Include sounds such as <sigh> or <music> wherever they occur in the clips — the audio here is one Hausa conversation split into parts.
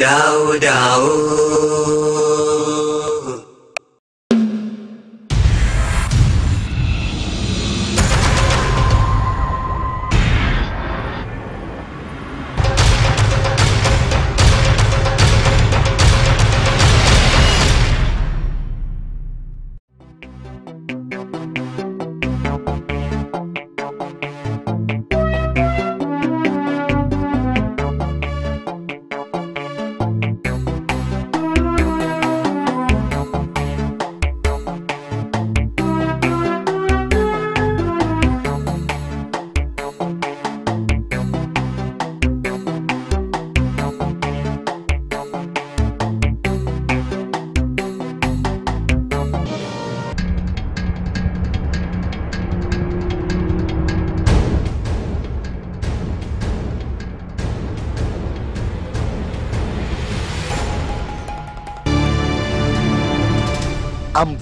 Dao Dao.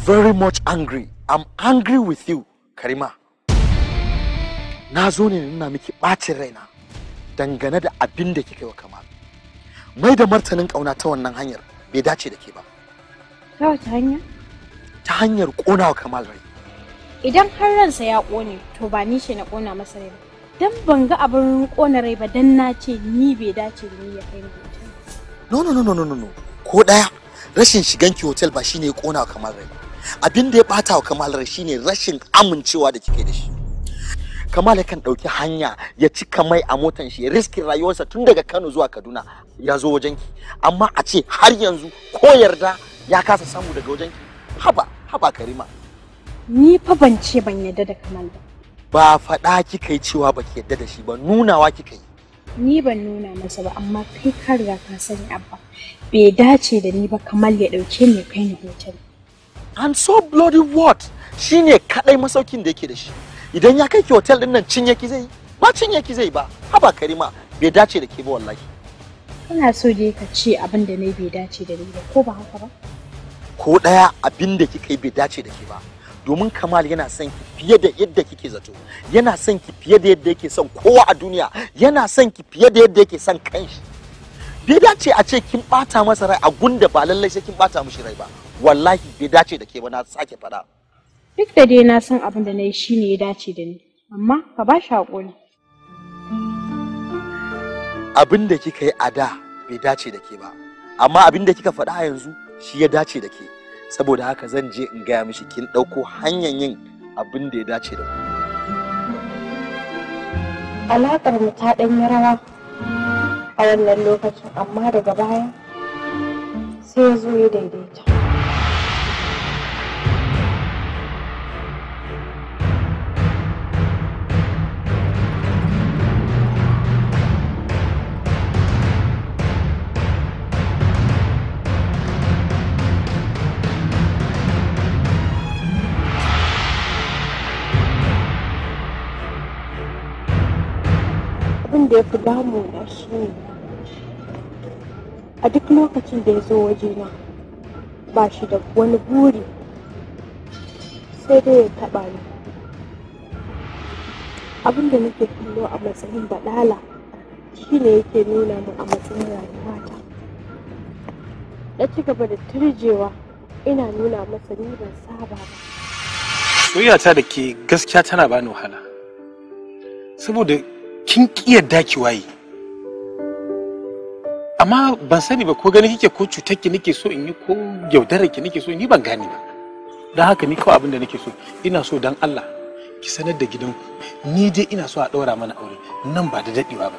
very much angry. I'm angry with you, Karima. Na zo ne nuna miki ɓacin raina dangane da abin da kika yi wa kamar. Mai da martanin ƙauna ta wannan hanyar bai dace da ke ba. Ta wata hanya? Ta hanyar ƙona wa Kamal rai. Idan har ransa ya ƙone, to ba ni shi na ƙona masa rai. Dan ban ga abin ƙona rai ba dan na ce ni bai dace da ni ya kai ni No no no no no no. Ko ɗaya rashin shiganki hotel ba shine ya ƙona wa Kamal rai. abin da ya bata wa kamal shine rashin amincewa da kike da shi kamal kan ɗauki hanya ya cika mai a motan shi ya riskin rayuwarsa tun daga kano zuwa kaduna ya zo wajenki amma a ce har yanzu ko yarda ya kasa samu daga wajenki haba haba karima ni fa ban ce ban yarda da kamal ba ba faɗa kika yi cewa baki yarda da shi ba nunawa kika yi ni ban nuna masa ba amma kai ka riga ka sani abba bai dace da ni ba kamal ya ɗauke ni kai ni hotel and so bloody what shine kadai masaukin da yake da shi idan ya kai ki hotel din nan cinye ki zai ba cinye ki zai ba haba karima bai dace da ke ba wallahi Kana so dai ka ce abin da nayi bai dace da ni ba ko ba haka ba ko daya abin da kika yi bai dace da ke ba domin kamal yana son ki fiye da yadda kike zato yana son ki fiye da yadda yake son kowa a duniya yana son ki fiye da yadda yake son kanshi bai dace a ce kin bata masa rai a gunda ba lallai sai kin bata mishi rai ba wallahi bai dace da ke ba na sake faɗa. Duk da dai na san abin da na yi shi ne ya dace da ni, amma ka ba shi haƙuri. Abin da kika yi a da bai dace da ke ba, amma abin da kika faɗa yanzu shi ya dace da ke. Saboda haka zan je in gaya mishi kin ɗauko hanyar yin abin da ya dace da ku. Alaƙar mu ta ɗanyi rawa a wannan lokacin amma daga baya sai ya zo ya daidaita. abin da ya fi damu damuna shi ne a duk lokacin da ya zo wajena ba shi da wani buri sai dai ya taɓa ni abin da nake kallo a matsayin baɗala shi ne yake nuna min a matsayin rayuwata na ci gaba da turjewa ina nuna masa ni ban saba ba soyayya ta da ke gaskiya tana bani wahala saboda kin kiyar ki waye amma ban sani ba ko gani kike ko cutar ki nake so in yi ko yaudarar ki nake so ni ban gani ba don haka ni kawai abin da nake so ina so dan Allah ki sanar da gidanku ni dai ina so a ɗaura mana aure nan ba da daɗewa ba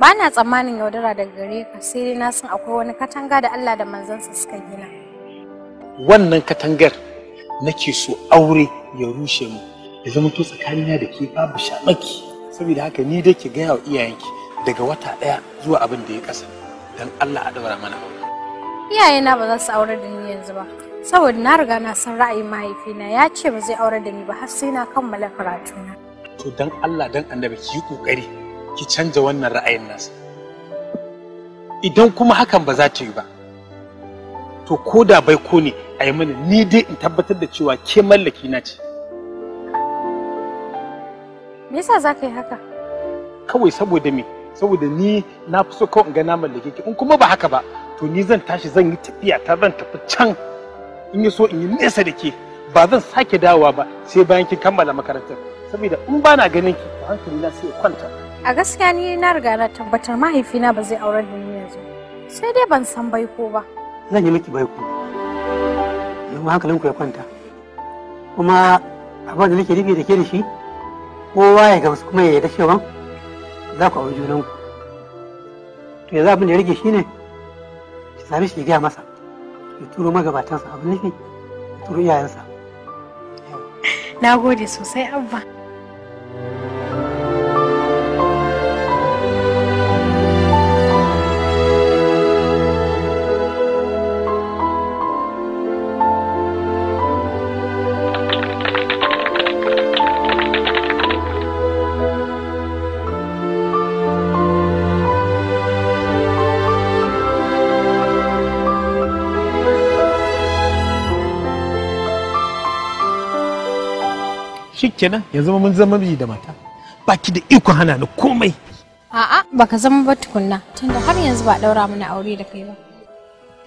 ba na tsammanin yaudara daga gare ka sai dai na san akwai wani katanga da Allah da manzansa suka gina wannan katangar nake so aure ya rushe mu ya zama to tsakanina da ke babu shamaki saboda haka ni dai ki gaya wa iyayenki daga wata ɗaya zuwa abin da ya ƙasa don Allah a daura mana aure. Iyayena ba za su aure da ni yanzu ba saboda na riga na san ra'ayin mahaifina ya ce ba zai aure da ni ba har sai na kammala karatuna. To don Allah dan annabi ki yi ƙoƙari ki canza wannan ra'ayin nasa. Idan kuma hakan ba za ta yi ba to ko da bai ko ne a yi ni dai in tabbatar da cewa ke mallaki na ce. Me yasa za ka yi haka? Kawai saboda me? Saboda ni na fi so kawai in ga na mallake ki in kuma ba haka ba to ni zan tashi zan yi tafiya ta zan tafi can in yi so in yi nesa da ke ba zan sake dawowa ba sai bayan kin kammala makarantar saboda in ba na ganin ki hankali na sai kwanta. A gaskiya ni na riga na tabbatar mahaifina ba zai aurar da ni yanzu sai dai ban san baiko ba. Zan yi miki baiko. Yau hankalinku ya kwanta. Kuma abin da nake nufi da ke da shi kowa ya gamsu kuma ya yarda cewa za ku auri junanku to yanzu abin da ya rage shi ne ki sami shi ya gaya masa ya turo magabatansa abin nufi ya turo iyayensa na gode sosai abba kenan yanzu mun zama miji da mata baki da iko hana ni komai a'a baka zama ba tukunna tunda har yanzu ba daura mana aure da kai ba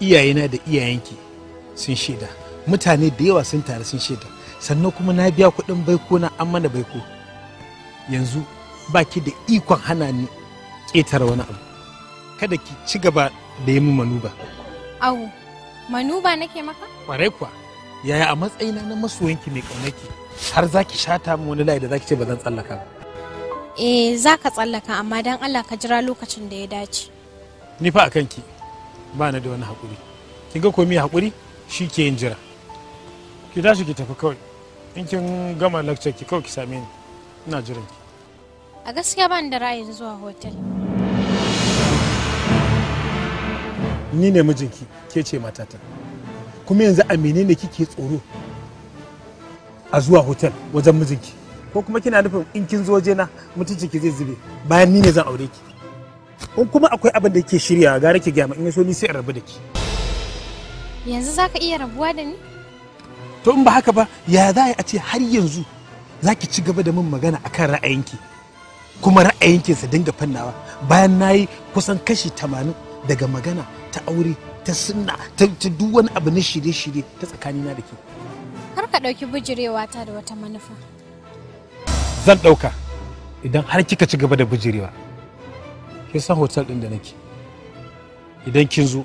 iyaye na da iyayenki sun shaida mutane da yawa sun tare sun shaida sannan kuma na biya kuɗin baiko na an mana baiko yanzu baki da ikon hana ni ƙetare wani abu kada ki ci gaba da yi manuba. Au, manuba nake maka? Kwarai kuwa. yaya a matsayina na masoyinki mai ƙaunaki har za ki shata min wani layi da za ki ce ba zan tsallaka ba. Eh za ka tsallaka amma don Allah ka jira lokacin da ya dace. Ni fa a kanki ba na da wani haƙuri. Kin ga komai haƙuri shi ke yin jira. Ki tashi ki tafi kawai. In kin gama lecture ki kawai ki same ni. Ina jiran ki. A gaskiya ba da ra'ayin zuwa hotel. Ni ne mijinki ke ce matata. kuma yanzu a menene kike tsoro a zuwa hotel wajen mijinki ko kuma kina nufin in kin zo waje na mutunci ki zai zube bayan ni ne zan aure ki in kuma akwai abin da kike shirya gara ki gyama in so ni sai in rabu da ki yanzu zaka iya rabuwa da ni to in ba haka ba ya za a ce har yanzu za ki ci gaba da min magana akan ra'ayinki kuma ra'ayinki sa dinga fannawa bayan nayi kusan kashi tamanin daga magana ta aure ta sunna ta duk wani abu na shirye-shirye ta tsakanina da ke har ka ɗauki bujirewa ta da wata manufa zan ɗauka idan har kika ci gaba da bujirewa kin san hotel ɗin da nake idan kin zo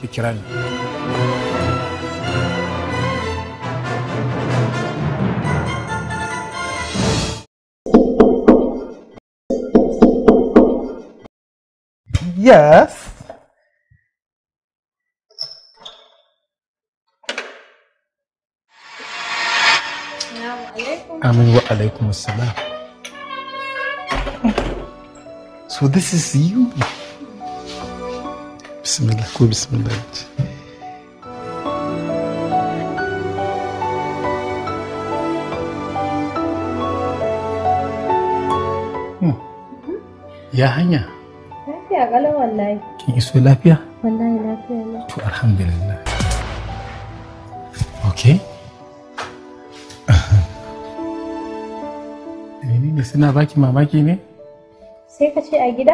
ki kira ni Yes. Assalamu alaikum. Amin wa alaikum So this is you. Bismillah ko bismillah. Hmm. Ya hanya? Lafiya kalau wallahi. Kin iso lafiya? Wallahi lafiya To alhamdulillah. suna baki mamaki ne? Sai ka ce a gida?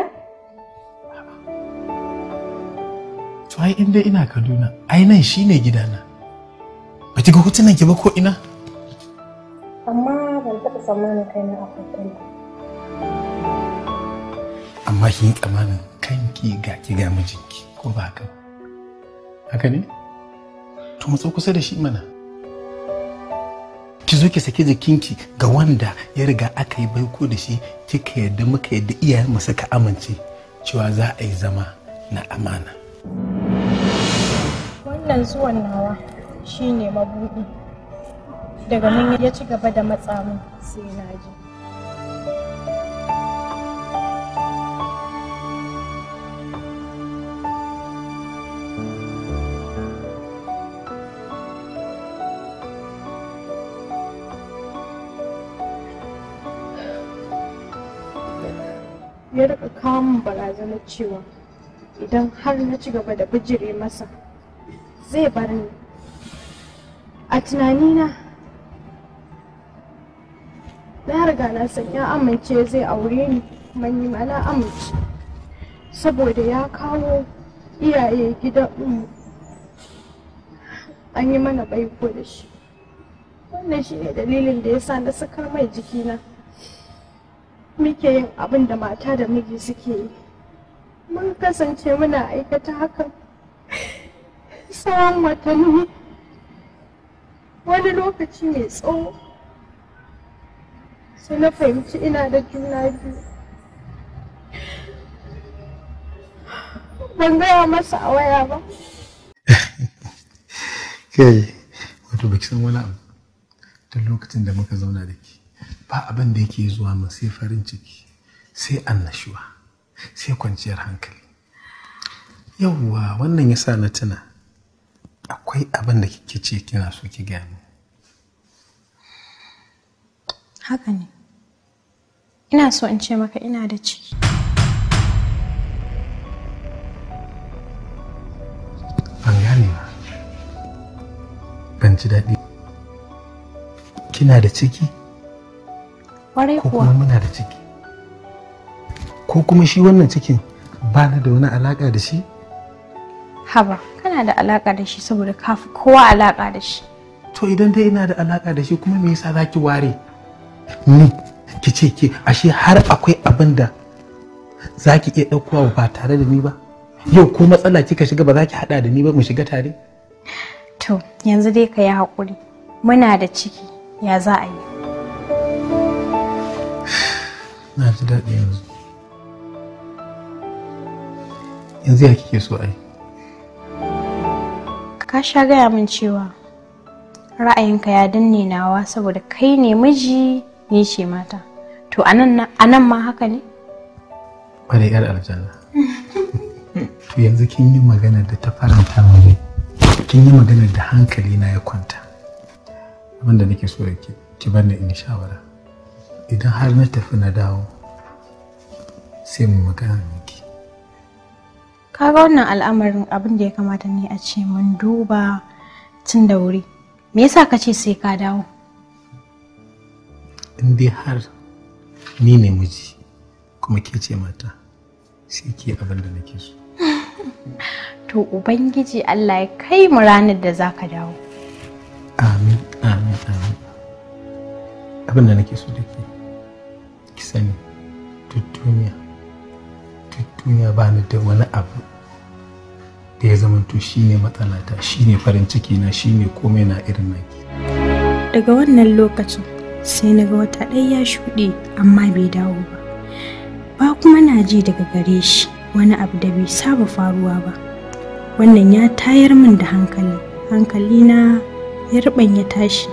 To ai inda ina Kaduna, ai nan shi ne gidana. Ba ki ga hutunan ki ba ko ina? Amma ban taɓa tsammanin kai na akwai Amma kin tsamanin kanki ga ki ga mijinki ko ba haka? Haka ne? To mu kusa da shi mana. ki zo ki saki jikinki ga wanda ya riga aka yi baiko da shi kika yadda muka yadda iyayen mu suka amince cewa za a yi zama na amana wannan zuwan nawa shine mabudi daga nan ya ci gaba da matsamu sai na je ya rika kawo barazanar cewa idan har na ci gaba da bijire masa zai bar ni a tunanina na riga na san ya amince zai aure ni kuma yi ma amince saboda ya kawo iyaye gidan mu an yi mana baiko da shi wannan shi ne dalilin da ya sa na sakar mai jikina muke yin abin da mata da miji suke yi mun kasance muna aikata hakan tsawon watanni wani lokaci mai tsawo sai na fahimci ina da juna biyu ban gaya masa a waya ba <laughs> kai wato baki san wani abu tun lokacin da muka zauna da ke ba abin da yake zuwa min sai farin ciki sai annashuwa sai kwanciyar hankali yauwa wannan ya sa na tuna akwai abin da kike ce kina so ki gaya haka ne ina so in ce maka ina da ciki ban gane ba ban ji daɗi kina da ciki kwarai kuwa kuma muna da ciki ko kuma shi wannan cikin ba na da wani alaka da shi haba kana da alaka da shi saboda kafi kowa alaka da shi to idan dai ina da alaka da shi kuma me yasa zaki ware ni ki ce ki ashe har akwai abin da zaki iya daukowa ba tare da ni ba yau ko matsala kika shiga ba za ki haɗa da ni ba mu shiga tare to yanzu dai ka yi hakuri muna da ciki ya za a yi na ji daɗi yanzu yanzu ya kike so ai ka sha gaya min cewa ra'ayinka ya danne nawa saboda kai ne miji ni ce mata to anan ma haka ne ƙwarai yar aljanna to yanzu kin yi magana da ta faranta min kin yi magana da hankali na ya kwanta abinda nake so da ki ki bar in shawara idan har na tafi na dawo sai mu magana miki ga wannan al'amarin abin da ya kamata ne a ce mun duba tun da wuri me yasa ka ce sai ka dawo in dai har ni ne miji kuma ke ce mata sai ke abin da nake so <laughs> to ubangiji allah ya kai mu ranar da za ka dawo amin amin amin abin da nake so da ke ki sani duk duniya duniya ba ni da wani abu da ya zama to shine matsalata shine farin ciki na shine komai na irin naki daga wannan lokacin sai na wata ɗaya ya shuɗe amma bai dawo ba ba kuma na ji daga gare shi wani abu da bai saba faruwa ba wannan ya tayar min da hankali hankalina na ya ya tashi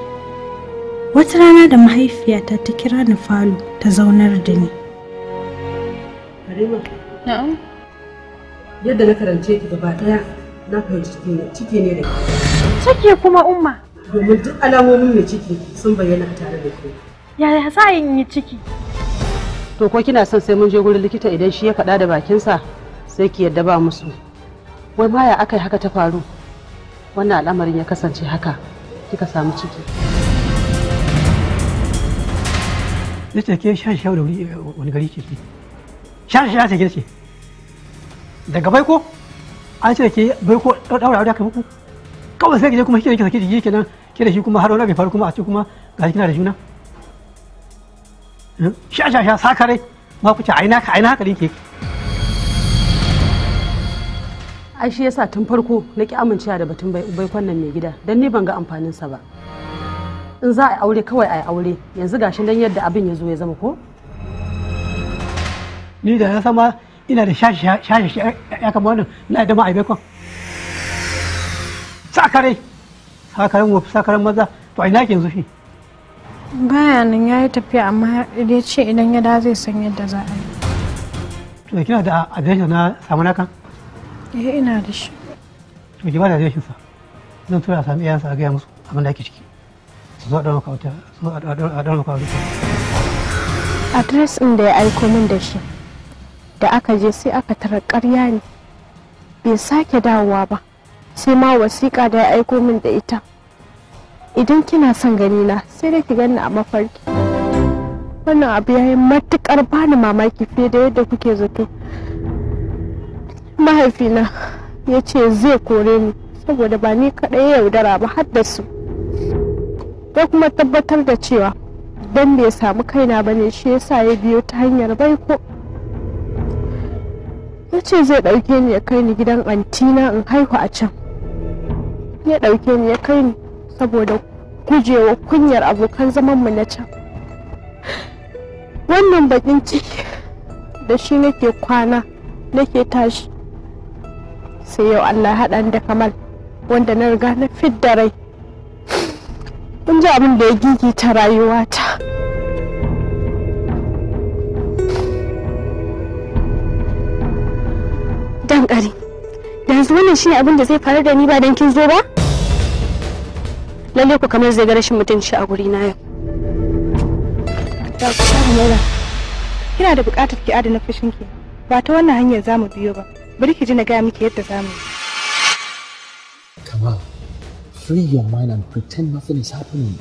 wata rana da mahaifiyata ta kira ni falo ta zaunar da ni Karima na'am yadda na karance ki gaba daya na fahimci ciki ne da ciki kuma umma domin duk alamomin mai ciki sun bayyana tare da ku. yaya za a yi ciki to ko kina son sai mun je gurin likita idan shi ya faɗa da bakinsa sai ki yadda ba musu wai baya akai haka ta faru wannan al'amarin ya kasance haka kika samu ciki na ce ke shan shawo da wani gari ke ke shan shawo ce ce daga baiko an ce ke baiko daura aure aka muku kawai sai ki je kuma shi ne sake jiki kenan ke da shi kuma har wani abu faru kuma a ce kuma ga kina da juna hmm? sha sha sha sakare ma ku a aina ka aina hakalin ke ai shi yasa tun farko na ki amincewa da batun baikon nan mai gida don ni ban ga amfaninsa ba in za a aure kawai a aure yanzu gashi dan yadda abin ya zo ya zama ko ni da na sama ina da shashi shashi ya kama wannan na da ma'aibe kon sakare sakaren wofi sakaren maza to a ina ke yanzu shi Baya nan ya yi tafiya amma ya ce idan ya da zai san yadda za a yi to kina da adireshin na samu na kan eh ina da shi to ki ba da adireshin sa zan tura sami iyayensa a gaya musu abin da ake ciki a adres ɗin da ya aiko min da shi da aka je sai aka tara ƙarya ne bai sake dawowa ba sai ma wasiƙa da ya aiko min da ita idan kina son gani na sai dai ki gani a mafarki wannan abu ya yi matuƙar bani mamaki fiye da yadda kuke zato mahaifina ya ce zai kore ni saboda ba ni kaɗai yaudara ba har da su ya kuma tabbatar da cewa don bai samu kaina ba ne shi yasa ya biyo ta hanyar baiko ya ce zai ɗauke ni ya kai ni gidan antina in haihu a can ya ɗauke ni ya kai ni saboda gujewa kunyar abokan zaman mu na can wannan bakin ciki da shi nake kwana nake tashi sai yau allah haɗa da kamal wanda na riga na fidda rai kun ji abin da ya gigita rayuwata dan kare yanzu wannan shine abin da zai faru da ni ba dan kin zo ba lalle ku kamar zai ga rashin mutunci a guri na yau da ku kina da bukatar ki adana fushin ki ba ta wannan hanyar zamu biyo ba bari ki ji na gaya miki yadda zamu yi free your mind and pretend nothing is happening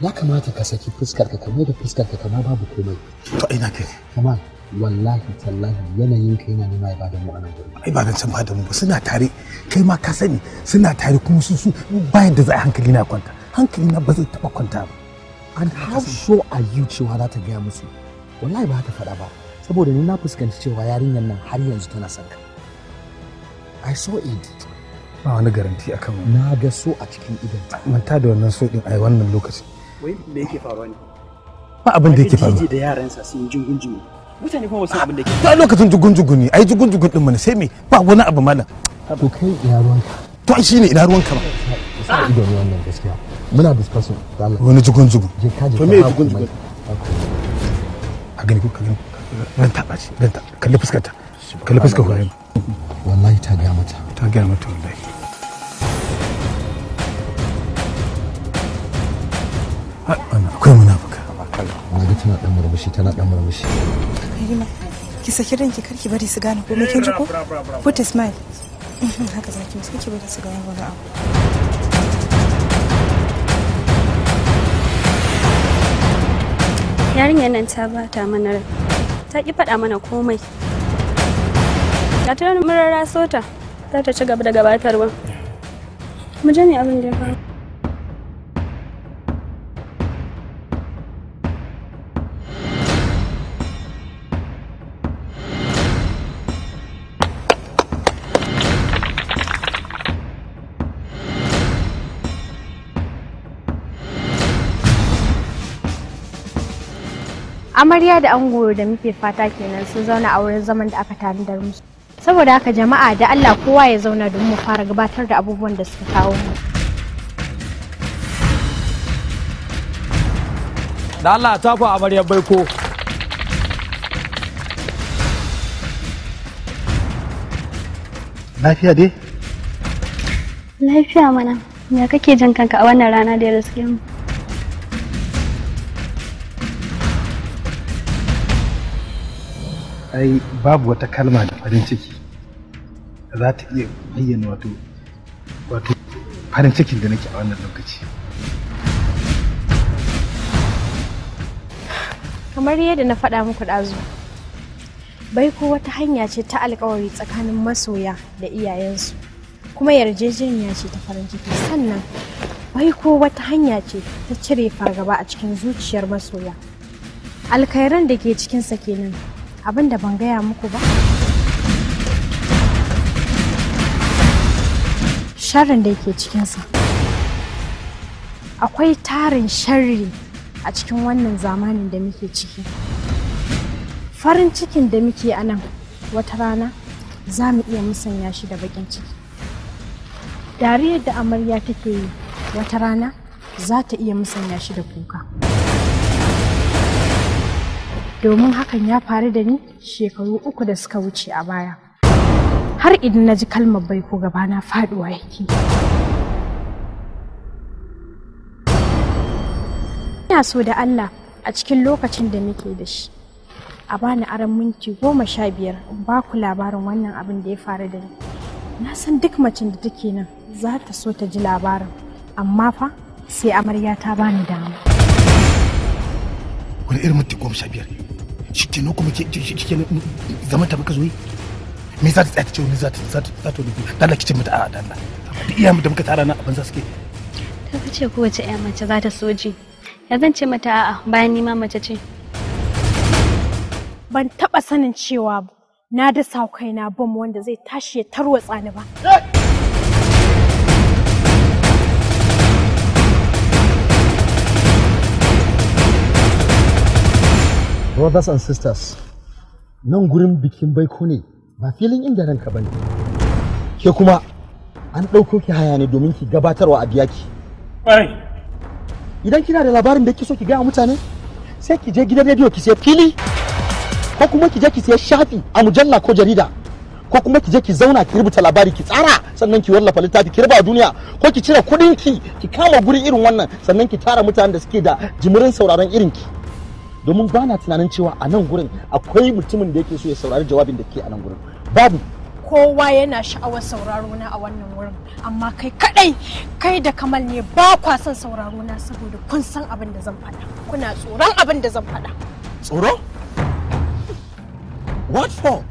ya kamata ka saki fuskar ka kamar da fuskar ka kamar babu komai to ina kai kamar wallahi tallahi yanayin ka yana nema ba da mu anan gurin ai ba can da mu ba suna tare kai ma ka sani suna tare kuma su su ba da za hankali na kwanta hankali na ba zai taba kwanta ba and how sure are you cewa za ta gaya musu wallahi ba ta faɗa ba saboda ni na fuskanci cewa yarinyar nan har yanzu tana son ka i saw it ba wani garanti kan wani na ga so a cikin idan manta da wannan so din a wannan lokacin wai me yake faruwa ne ba abin da yake faruwa da yaransa sun jingun jingun mutane kuma wasu abin da yake ta lokacin jugun jugun ne ai jugun jugun din mana sai me ba wani abu malam to kai ina ruwanka to ai shine ina ruwanka ba sa ido ne wannan gaskiya muna discussion wani jugun jugun to me jugun jugun a gani ko ka gani ran ta bace ran ta kalli fuskar kalli fuskar ku wallahi ta gaya mata ta gaya mata wallahi akwai munafuka na ga tana dan murmushi tana dan murmushi ki saki ranki karki bari su gane komai kin ji ko put a smile mhm, haka zaki musu kike bari su gane wani abu yarinyar nan ta bata mana ta ki faɗa mana komai Ga ta murara sota za ta ci gaba da gabatarwa. Mu je ne abin da ya amarya da ango da muke fata kenan sun zauna a wurin zaman da aka tanadar musu saboda haka jama'a da Allah kowa ya zauna don mu fara gabatar da abubuwan da suka kawo mu da Allah ta fa amaryar baiko lafiya dai lafiya mana ya kake jin kanka a wannan rana da ya mu ai babu wata kalma da farin ciki za ta iya bayyana wato wato farin cikin da nake a wannan lokaci kamar yadda na faɗa muku ɗazu bai ko wata hanya ce ta alkawari tsakanin masoya da iyayensu kuma yarjejeniya ce ta farin ciki sannan bai ko wata hanya ce ta cire fargaba a cikin zuciyar masoya alkairan da ke cikinsa kenan abin da ban gaya muku ba sharrin da yake cikinsa akwai tarin sharri a cikin wannan zamanin da muke ciki farin cikin da muke a nan wata rana za mu iya musanya shi da bakin ciki dariyar da amarya take yi wata rana za ta iya musanya shi da kuka. domin hakan ya faru da ni shekaru uku da suka wuce a baya har idan na ji kalmar bai ko gabana faduwa yake ina so da Allah a cikin lokacin da muke da shi a bani aran minti goma sha biyar ba ku labarin wannan abin da ya faru da ni na san duk macin da take nan za ta so ta ji labarin amma fa sai amarya ta bani dama wani irin minti goma sha biyar shi na kuma shi na zama ta baka zoyi me za ta tsaya ta ce wani za ta za ta za ta rubu dalla kicin mata da Allah duk iya mu da muka tara na abin za su ke. ta ce kowace iya mace za ta soji ya zan ce mata a'a bayan ni ma mace ce ban taba sanin cewa na dasa kaina bom wanda zai tashi ya tarwatsa ni ba brothers and sisters nan gurin bikin baiko ne ba filin inda ranka ba ne ke kuma an ɗauko ki haya ne domin ki gabatarwa a biya ki idan kina da labarin da so ki gaya mutane sai ki je gidan rediyo ki sai fili ko kuma ki je ki sai shafi a mujalla ko jarida ko kuma ki je ki zauna ki rubuta labari ki tsara sannan ki wallafa littafi ki raba duniya ko ki cire kuɗin ki ki kama guri irin wannan sannan ki tara mutanen da suke da jimirin sauraron irin ki domin ba na tunanin cewa a nan gurin akwai mutumin da yake so ya saurari jawabin da ke a nan gurin babu kowa yana sha'awar sauraro na a wannan wurin amma kai kadai kai da kamal ne ba kwa son sauraro na saboda kun san abin da zan faɗa kuna tsoron abin da zan faɗa tsoro what for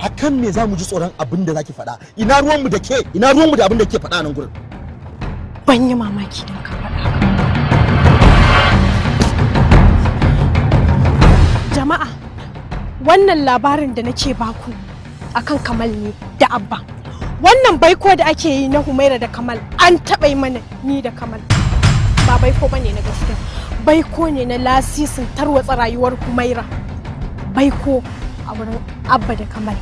a kan me za mu ji tsoron abin da zaki faɗa ina ruwanmu da ke ina ruwanmu da abin da ke faɗa nan gurin ban yi mamaki don ka faɗa jama'a wannan labarin da nake baku akan kamal ne da abba wannan baiko da ake yi na humaira da kamal an taɓa yi mana ni da kamal ba baiko bane na gaskiya baiko ne na lasisin tarwatsa rayuwar humaira baiko a wurin abba da kamal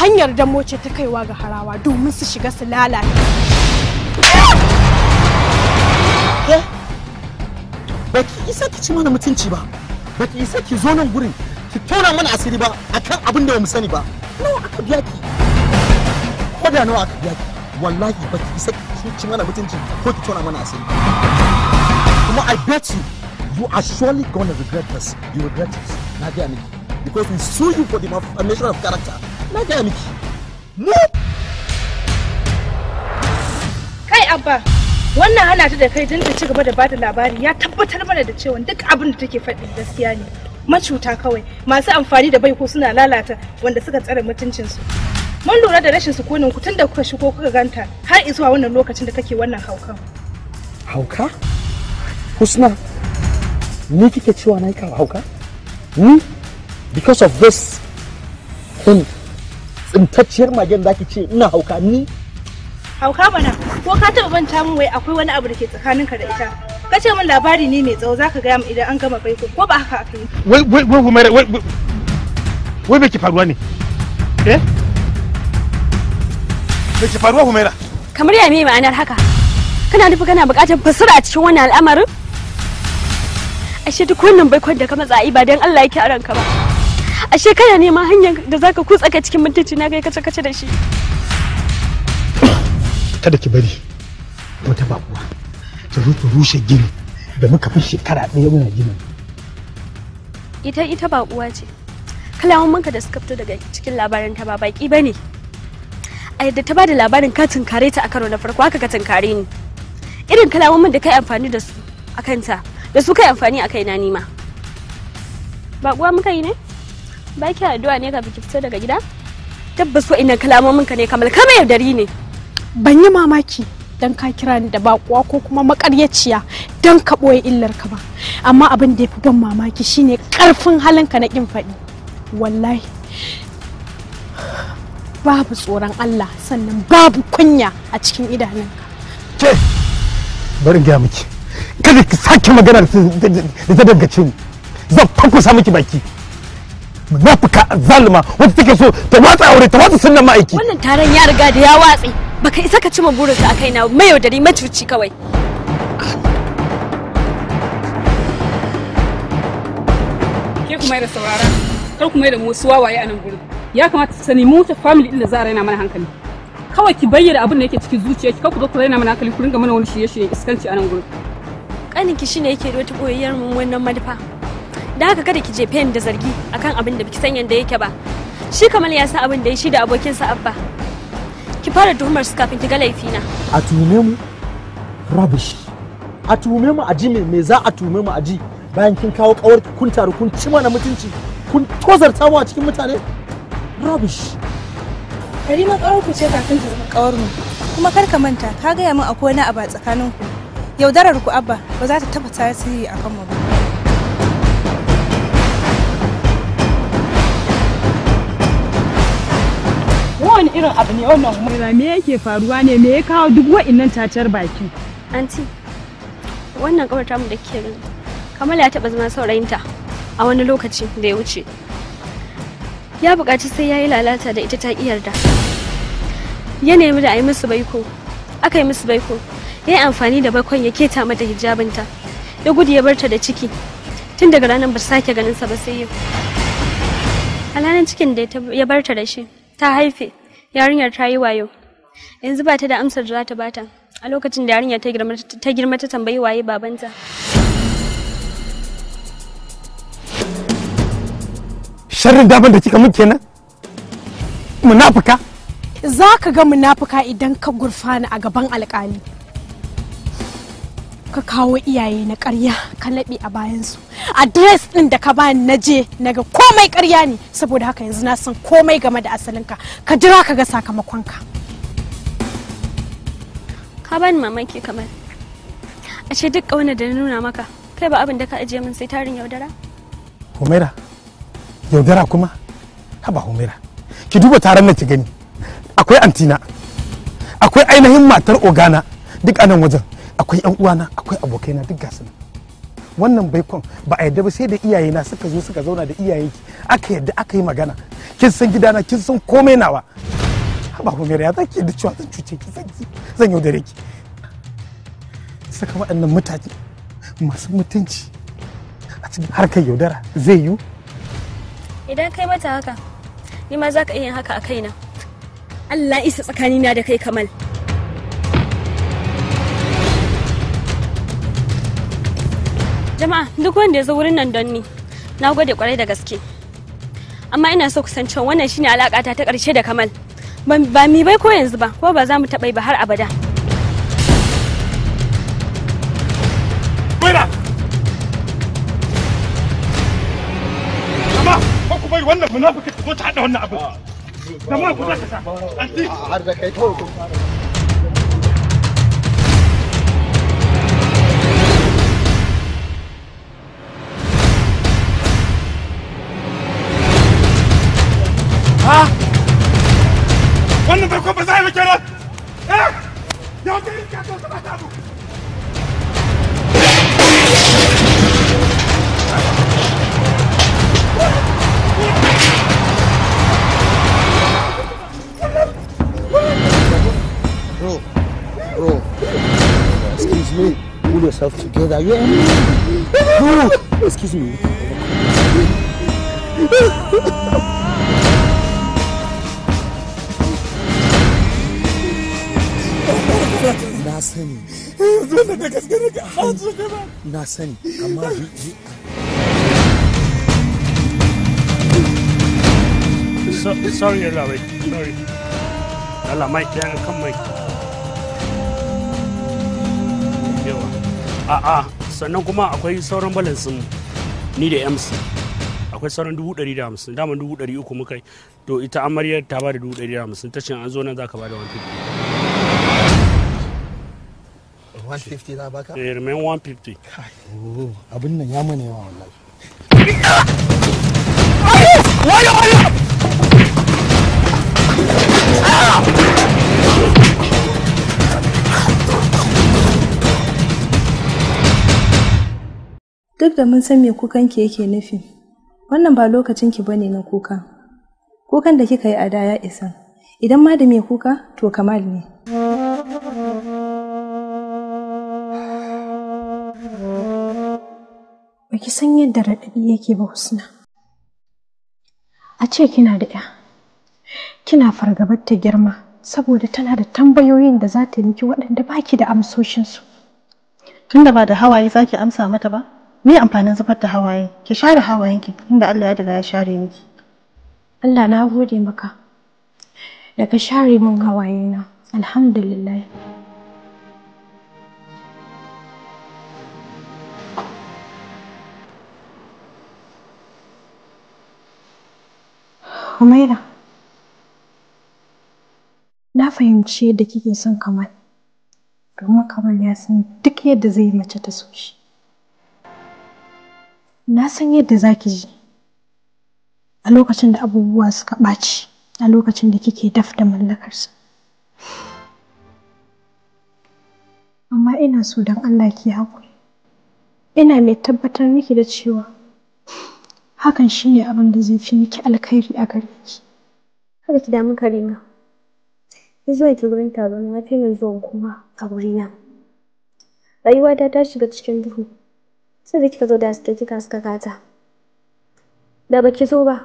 hanyar damo ce ta kaiwa ga harawa domin su shiga su lalata baki isa ta ci mana mutunci ba ba ki isa ki zo nan gurin ki tona mana asiri ba akan abin da ba mu sani ba nawa aka biya ki ko da nawa aka biya ki wallahi ba ki isa ki ci mana mutunci ko ki tona mana asiri kuma i bet you you are surely gonna regret this you regret it na gaya miki because we sue you for the defamation of character na gaya miki mu kai abba wannan hana ta da kai don ta ci gaba da bada labari ya tabbatar mana da cewa duk abin da take faɗi gaskiya ne macuta kawai masu amfani da bai ko suna lalata wanda suka tsare mutuncinsu mun lura da rashin sukunin ku tun da kuka shigo kuka ganta har zuwa wannan lokacin da kake wannan haukan hauka husna ni kike cewa na yi hauka ni because of this tsintacciyar magen da ce ina hauka ni hauka mana ko ka taɓa manta min wai akwai wani abu da ke tsakaninka da ita ka ce min labari ne mai tsawo zaka gaya min idan an gama baiko ko ba haka aka yi wai wai wai wai wai wai me ke faruwa ne eh me ke faruwa humaira kamar ya me ma'anar haka kana nufi kana buƙatar fassara a cikin wannan al'amarin ashe duk wannan baikon da ka matsa ba dan Allah yake aranka ba ashe kana neman hanyar da zaka kutsa ka cikin mutunci na kai kace kace da shi kada ki bari wata bakuwa ta rufe rushe gini da muka fi shekara ɗaya muna ginin ita ita bakuwa ce kalawan manka da suka fito daga cikin labarin ta ba baki ba ne a yadda ta ba da labarin ka tunkare ta a karo na farko haka ka tunkare ni irin man da kai amfani da su a kanta da su kai amfani a na nima ba kuwa muka yi ne ba ki addu'a ne ka fito daga gida tabbas wa'innan kalamomin ka ne kamar kamar yaudari ne ban yi mamaki don ka kira ni da bakuwa ko kuma makaryaciya don ka ɓoye illar ba amma abin da ya fi ban mamaki shine karfin halinka na kin faɗi wallahi babu tsoron Allah sannan babu kunya a cikin idanunka ke bari ga miki kada ki sake magana da ta dangace ni zan fakusa miki baki munafuka zalima wanda take so ta watsa aure ta watsa sunan ma'aiki wannan taron ya riga da ya watse baka isa ka cima burinka a kaina mayaudari macuci kawai ke kuma da saurara kar kuma da wasu wawaye a nan gurin ya kamata ta sani mu ta family din da za a raina mana hankali kawai ki bayyana abin da yake cikin zuciyarki kar ku zo ku raina mana hankali ku ringa mana wani shirye-shirye iskanci a nan gurin kanin ki shine yake da wata koyayyar mun wannan manufa da haka kada ki jefe da zargi akan abin da biki san yanda yake ba shi kamal ya san abin da ya shi da abokinsa abba ki fara tuhumar su kafin ki ga laifina a tuhume mu rubbish a tuhume mu a ji me za a tuhume mu a ji bayan kin kawo kawar kun taru kun ci mana mutunci kun tozarta mu a cikin mutane rubbish kari ma kawar ku ce kafin ki zama kawar mu kuma kar ka manta ka gaya min akwai wani abu a tsakaninku yaudarar ku abba ba za ta taba tasiri a kanmu ba irin abu ne wannan humaira me yake faruwa ne me ya kawo duk wa'innan tatar baki anti wannan kawar tamu da kike gani ya taba zama saurayinta a wani lokaci da ya wuce ya buƙaci sai ya yi lalata da ita ta yarda ya nemi da a yi musu baiko aka yi musu baiko ya yi amfani da bakon ya keta mata hijabinta ya gudu ya barta da ciki tun daga ranar ba sake ganin sa ba sai yau a cikin da ya barta da shi ta haife yarinyar ta yi wayo yanzu ba ta da amsar da za ta bata a lokacin da yarinyar ta girma ta tambayi waye babanta sharrin daban da kika mun nan munafuka za ka ga munafuka idan ka gurfana a gaban alkali ka kawo iyaye na karya ka laɓe a bayansu adres ɗin da ka ba na je naga komai karya ne saboda haka yanzu na san komai game da asalinka ka jira ka ga sakamakon ka bani mamaki kamar a ce duk ƙaunar da na nuna maka kai ba abin da ka ajiye min sai tarin yaudara humaira yaudara kuma haba humaira ki duba taron na ki gani akwai antina akwai ainihin matar ogana duk anan wajen akwai yan uwana akwai abokaina duk gasu wannan baikon ba a yadda ba sai da iyaye na suka zo suka zauna da iyaye ki aka yadda aka yi magana kin san gidana kin san komai nawa ba ku ya za ki da cewa zan cuce ki zan dare ki saka waɗannan mutane masu mutunci a cikin harkar yaudara zai yiwu idan kai mata haka ni ma za ka iya haka a kaina Allah isa tsakanina da kai kamal jama'a duk wanda ya zo wurin nan don ni na gode kwarai da gaske amma ina so kusan cewa wannan shine alakata ta karshe da kamal ba mi bai ko yanzu ba ko ba za mu taɓa ba har abada Mira! Amma, ko ku bai wannan munafiki ta zo ta haɗa wannan abu. Zama ku za ta sa. Har da kai kawai ku fara. Bekele! Eh! Ya seni kaçın sana tabu! Bro, bro, excuse me, pull yourself together, yeah? Bro, excuse me. sani da na sani amma sorry Allah sorry Allah mai ɗaya kan mai sannan kuma akwai sauran balansin ni da MC akwai sauran dubu ɗari da hamsin daman dubu ɗari uku muka to ita amaryar ta ba da dubu ɗari da hamsin ta ce an zo nan za ka ba da wani 150 na baka? Eh, remain 150. Oh, abin nan ya mana yawa wallahi. Wayo wayo! Duk da mun san me kukanki yake nufi, wannan ba lokacinki bane na kuka. Kukan da kika yi a da ya isa, idan ma da me kuka to kamal ne. Mm. Ki san yadda raɗaɗi yake ba husna a ce kina da ya kina fargabar ta girma saboda tana da tambayoyin da za ta miki waɗanda ba ki da amsoshinsu tunda ba da hawaye za ki amsa mata ba ni amfanin zubar da hawaye ki share hawayenki inda Allah ya daga ya share miki Allah na gode maka daga share min hawayena alhamdulillah Humaira, na fahimci yadda kike son kamar domin Kamal ya san duk yadda zai mace ta so shi. Na san yadda za ki ji a lokacin da abubuwa suka ɓaci, a lokacin da kike daf da mallakarsa. Amma ina so don Allah ki haƙuri. Ina mai tabbatar miki da cewa hakan shi ne abin da zai fi miki alkhairi a gare ki. Kada ki damu Karima. Ki zo ki gurin taro na fi min zuwan kuma a gurina. Rayuwata ta shiga cikin duhu. Sai da kika zo da haske kika suka kata. Da ba ki zo ba.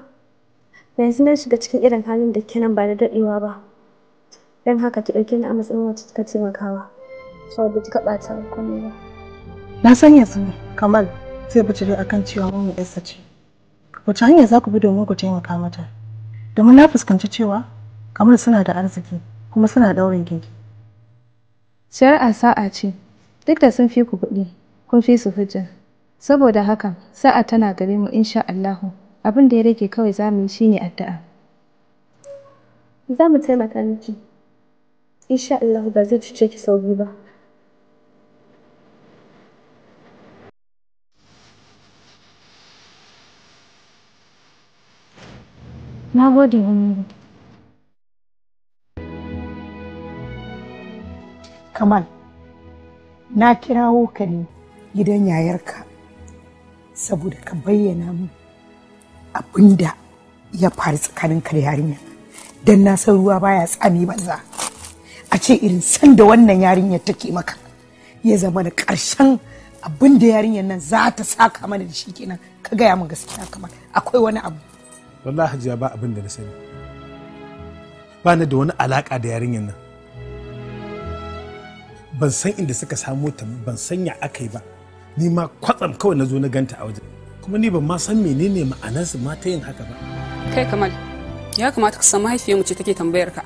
Yanzu na shiga cikin irin halin da nan ba da daɗewa ba. Don haka ki ɗauke ni a matsayin wacce kika taimakawa. Saboda kika ɓata komai ba. Na san yanzu Kamal zai bijire akan cewa mun yarsa ce. wace hanya za ku bi domin ku taimaka mata domin na fuskanci cewa kamar suna da arziki kuma suna ɗaurin gigi shari'a sa'a ce duk da sun fi ku kuɗi kun fi su hujja saboda haka sa'a tana gare mu insha Allah abin da ya rage kawai za mu yi shine addu'a za mu taimaka miki insha Allah ba zai cuce ki sauki ba Na gode, Kamal, na kirawo ka ne gidan yayarka saboda ka bayyana mu abin da ya faru tsakanin ka da yarinya. Don na san ruwa baya tsami banza. A ce irin sanda wannan yarinyar take maka ya zama da ƙarshen abin da yarinyar nan za ta saka mana da shi kenan ka gaya min gaskiya kamar akwai wani abu wallahi hajiya ba abin da na sani ba ni da wani alaka da yarinyar nan ban san inda suka samu ta ban san ya aka yi ba ni ma kwatsam kawai na zo na ganta a wajen kuma ni ban ma san menene ma'anarsa ma ta yin haka ba kai kamal ya kamata ka san mahaifiyarmu ce take tambayar ka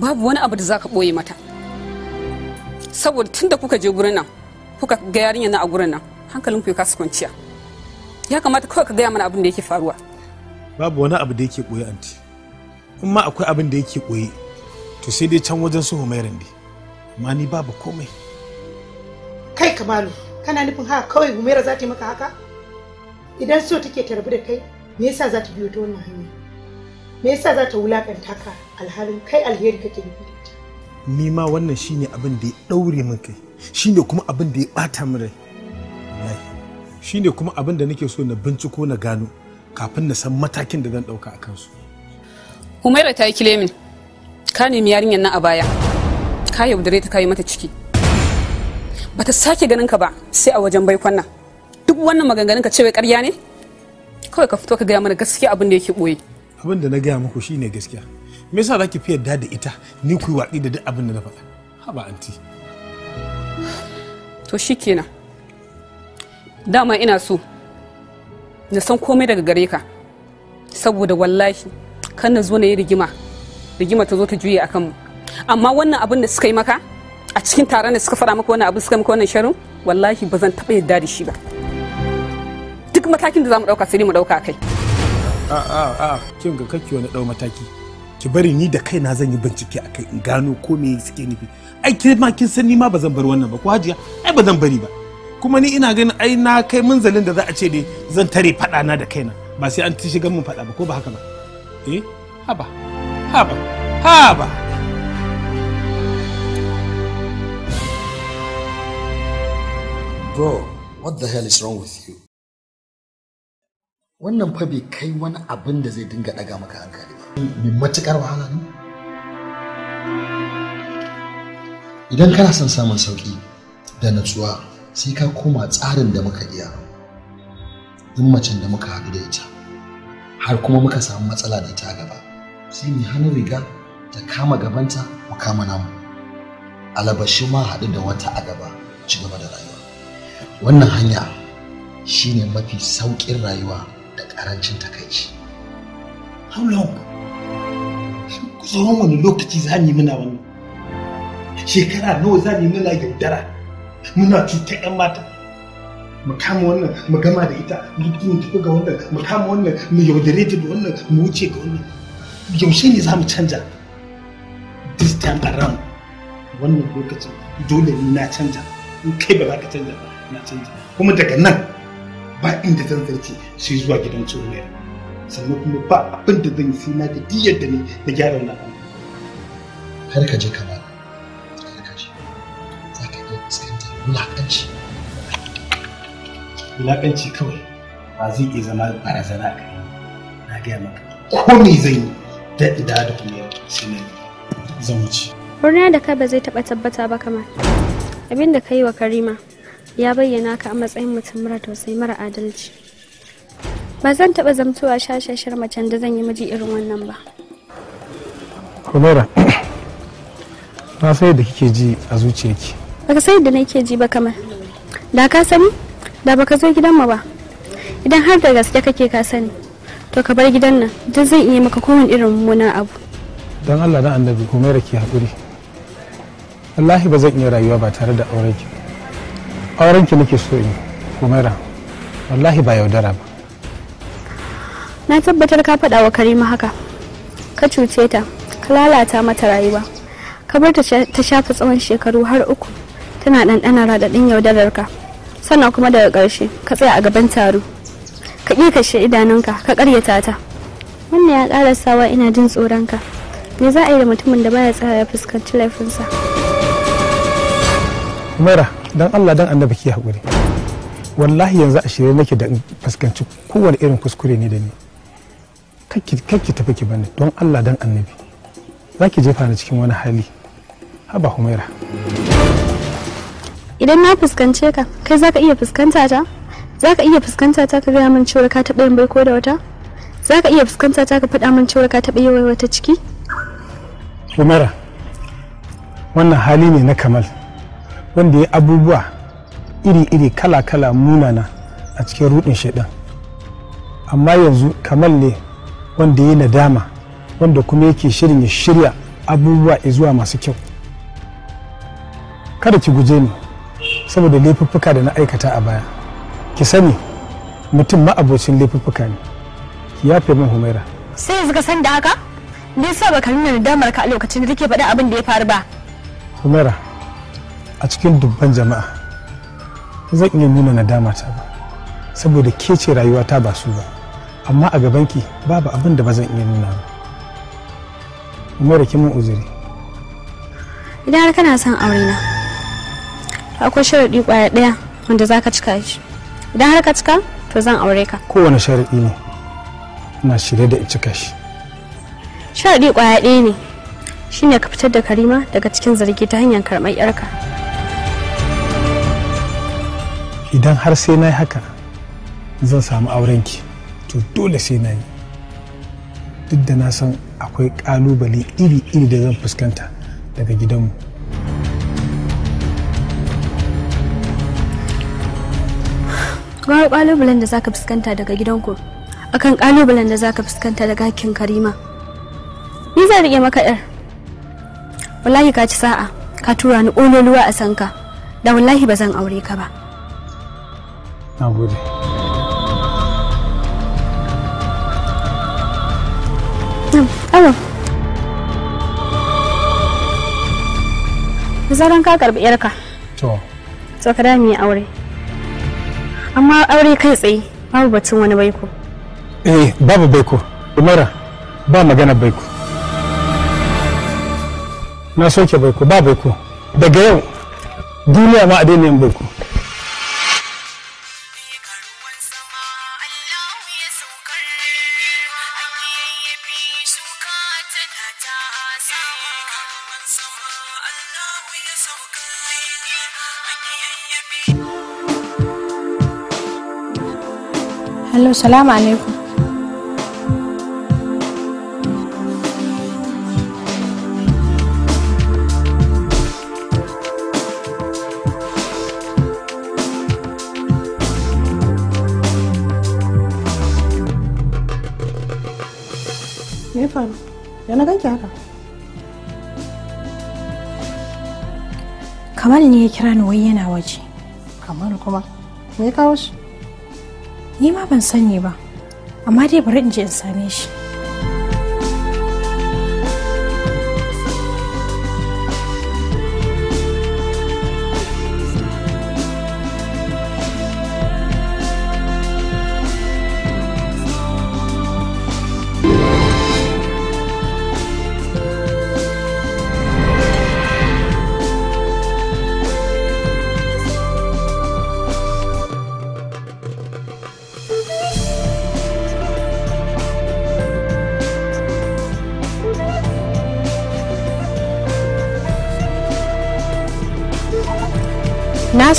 babu wani abu da zaka boye mata saboda tun da kuka je gurin nan kuka ga yarinya nan a gurin nan hankalinku ya kasa kwanciya ya kamata kawai ka gaya mana abin da yake faruwa babu wani abu da yake ɓoye anti in ma akwai abin da yake ɓoye to sai dai can wajen su humairan ne amma ni babu komai kai kamalu kana nufin haka kawai humaira za ta yi maka haka idan so take ta rabu da kai me yasa za ta biyo ta wannan hanya me yasa za ta wulakanta ka alhalin kai alheri kake nufi ni ma wannan shine abin da ya daure min kai shine kuma abin da ya bata min rai shine kuma abin da nake so na binciko na gano kafin na san matakin da zan ɗauka a kansu. umaira ta yi kilemin, ka nemi yarinyar nan a baya, ka yaudare ta kayi mata ciki. Bata sake ganin ka ba sai a wajen baikon nan. Duk wannan maganganun ka cewa ƙarya ne? Kawai ka fito ka gaya mana gaskiya abin da yake ɓoye. Abin da na gaya muku shine gaskiya. Me yasa za ki fi yarda da ita ni ku yi watsi da duk abin da na faɗa? Haba anti. To shikenan. Dama ina so na san komai daga gare ka saboda wallahi kan na zo na yi rigima rigima ta zo ta juye akan mu amma wannan abin da suka yi maka a cikin taron da suka fara maka wannan abin suka maka wannan sharin wallahi ba zan taɓa yadda da shi ba duk matakin da za mu ɗauka sai mu ɗauka kai a a a kin ga kake wani ɗau mataki ki bari ni da kaina zan yi bincike a kai in gano ko me suke nufi ai kin ma kin san ni ma ba zan bar wannan ba ko hajiya ai ba zan bari ba kuma ni ina ganin ai na kai munzalin da za a ce dai zan tare faɗa na da kaina ba sai an shigan mun faɗa ba ko ba haka ba eh haba haba haba bro what the hell is wrong with you wannan fa bai kai wani abin da zai dinga daga maka hankali ba mai matukar wahala ne idan kana son samun sauki da natsuwa sai ka koma tsarin da muka iya in macen da muka haɗu da ita har kuma muka samu matsala da ta gaba sai mu hannun riga ta kama gabanta mu kama namu alabashi ma haɗu da wata a gaba ci gaba da rayuwa wannan hanya shine mafi sauƙin rayuwa da ƙarancin takaici how long tsawon wani lokaci za mu yi muna wannan shekara nawa za mu yi muna yaudara muna cutar 'yan mata mu kama wannan mu gama da ita mu tafi ga wannan mu kama wannan mu yaudare ta da wannan mu wuce ga wannan yaushe ne za mu canja this time around wannan lokacin dole ne na canja in kai ba za ka canja ba na canja kuma daga nan ba inda zan zarce sai zuwa gidan tsohuwar sannan kuma ba abin da zan yi sai na da diyar da ne da gyara wannan kar ka je ka ba wulaƙanci wulaƙanci kawai ba zai iya zama barazana a kai na gaya maka ko me zai yi da da da kuma sai na zan wuce murna da ka ba zai taɓa tabbata ba kamar abin da ka yi wa karima ya bayyana ka a matsayin mutum mara tausayi mara adalci ba zan taɓa zamtowa shashashar macen da zan yi miji irin wannan ba kumera na sai da kike ji a zuciyarki baka sai da nake ji ba kamar da ka sani da baka zo gidan mu ba idan har da gaske kake ka sani to ka bar gidan nan duk zan iya maka kowane irin mummunan abu dan Allah na annabi kuma rake hakuri wallahi ba zan iya rayuwa ba tare da auren ki auren ki nake so in kumaira wallahi ba yaudara ba na tabbatar ka faɗa wa karima haka ka cuce ta ka lalata mata rayuwa ka bar ta shafa tsawon shekaru har uku tana ɗanɗana raɗaɗin yaudararka sannan kuma daga ƙarshe ka tsaya a gaban taro ka ƙi she idanunka ka ƙaryata ta wannan ya ƙara sawa ina jin tsoronka me za a yi da mutumin da baya tsaya ya fuskanci laifinsa mara dan allah dan annabi ki haƙuri wallahi yanzu a shirye nake da fuskanci kowane irin kuskure ne da ni kakki tafi ki bani don allah dan annabi za ki jefa ni cikin wani hali haba humaira idan na fuskance ka kai zaka iya fuskanta ta zaka iya fuskanta ta ka gaya min cewa ka taɓa yin baiko da wata zaka iya fuskanta ta ka faɗa min cewa ka taɓa yin wata ciki Umara wannan hali ne na Kamal wanda ya abubuwa iri-iri kala-kala munana a cikin rudin shaidan amma yanzu Kamal ne wanda ya nadama wanda kuma yake shirin ya shirya abubuwa zuwa masu kyau kada ki guje ni saboda laifuffuka da na aikata a baya ki sani mutum ma'abocin laifuffuka ne ki yafe min humaira sai yanzu ka san da haka ne yasa baka nuna nadamar ka a lokacin da kake faɗa abin da ya faru ba humaira a cikin dubban jama'a zan iya nuna nadama ta ba saboda ke ce rayuwata ba su ba amma a gabanki babu abin da ba zan iya nuna ba humaira kin mun uzuri idan har kana son aure na akwai sharaɗi kwaya ɗaya wanda za ka cika shi idan har ka cika to zan aure ka kowane sharaɗi ne na shirye da cika shi sharaɗi kwaya ɗaya ne shine ka fitar da karima daga cikin zargi ta hanyar karɓar yarka idan har sai na yi haka zan samu aurenki to dole sai na yi duk da na san akwai ƙalubale iri-iri da zan fuskanta daga gidanmu kamar kalubalen da zaka fuskanta daga gidanku akan kalubalen da zaka fuskanta daga hakkin karima ni zan rike maka yar wallahi ka ci sa'a ka tura ni ololuwa a sanka da wallahi ba zan aure ka ba na gode zaran ka karbi yarka to so ka da mu yi aure amma aure kai tsaye babu batun wani baiko eh babu baiko umara ba magana baiko na soke baiko ba baiko daga yau duniya ma a daina yin baiko Assalamu alaikum. Ya na ganki haka? Kamal ne ya kira ni wai yana waje. Kamal kuma? Me ya kawo shi? ni ma ban sani ba amma dai bari in je in same shi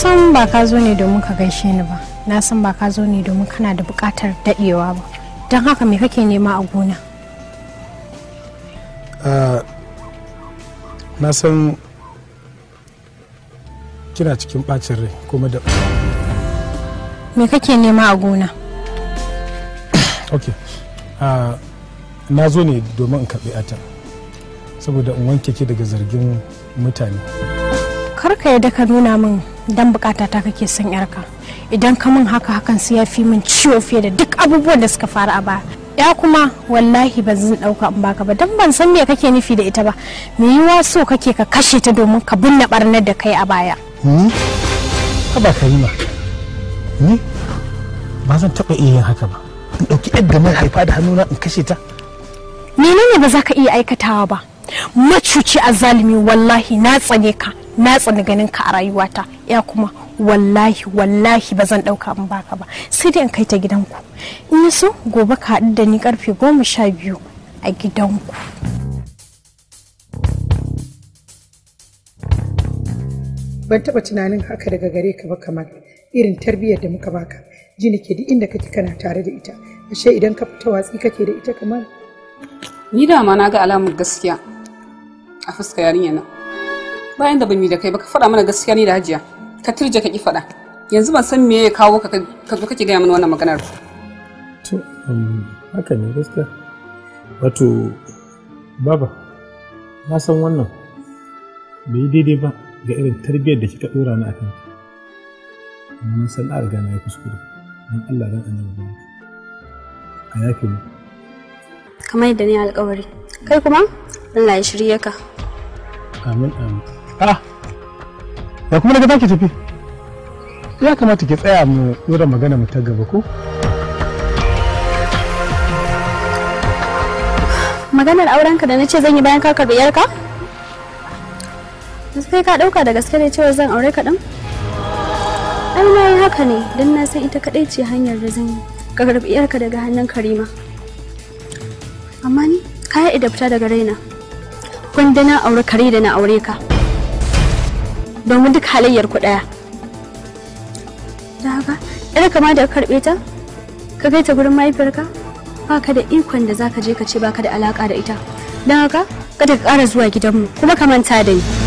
san ba ka zo ne domin ka gaishe ni ba na san ba ka zo ne domin kana da bukatar daɗewa ba don haka me kake nema a gona na san kina cikin ɓacin rai kuma da me kake nema a gona ok na zo ne domin in karbi atan saboda in wanke ki daga zargin mutane kar ka yadda ka nuna min dan bukata ta kake son yarka idan ka min haka hakan sai ya fi min ciwo fiye da duk abubuwan da suka faru a baya ya kuma wallahi ba zan dauka in baka ba dan ban san me kake nufi da ita ba me yiwa so kake ka kashe ta domin ka binne barnar da kai a baya ni ka ba ma. ni ba zan taba iya yin haka ba in dauki yadda mai haifa da hannuna in kashe ta menene ba za ka iya aikatawa ba macuci a zalimi wallahi na tsane ka na tsani ganin ka a rayuwata ya kuma wallahi wallahi ba zan ɗauka in baka ba sai dai in kai ta gidanku in so gobe ka haɗu da ni karfe goma sha biyu a gidanku. ban taɓa tunanin haka daga gare ka ba kamar irin tarbiyyar da muka baka ji nake duk inda kake kana tare da ita ashe idan ka fita watsi kake da ita kamar ni da ma na ga alamar gaskiya a fuska yarinya na bayan da yi da kai ba ka faɗa mana gaskiya ni da hajiya ka turje ka ki faɗa yanzu ban san me ya kawo ka ka zo kake gaya mana wannan maganar to um, haka ne gaskiya wato baba na san wannan bai daidai ba ga irin tarbiyyar da kika dora ni akan mun san na riga na yi kuskure dan Allah dan annabi a yafe ni kamar da ni alƙawari kai kuma Allah ya shirye ka amin amin a ah. ya kuma daga zaki tafi ya kamata ki tsaya mu wurin magana mu ta gaba ko maganar aurenka da na ce zan yi bayan ka karbi yarka Sai ka dauka da gaske ne cewa zan aure ka din ai na yi haka ne don na san ita kadai ce hanyar da zan yi ka karbi yarka daga hannun karima amma ni ka yi idabta daga raina kun na aure kare da na aure ka domin duk halayyar ku daya. da ina kama da karɓe ta ka kai ta gurin mahaifiyarka ba ka da ikon da za ka je ka ce ba ka da alaƙa da ita don haka kada ka ƙara zuwa gidanmu kuma ka manta da ni.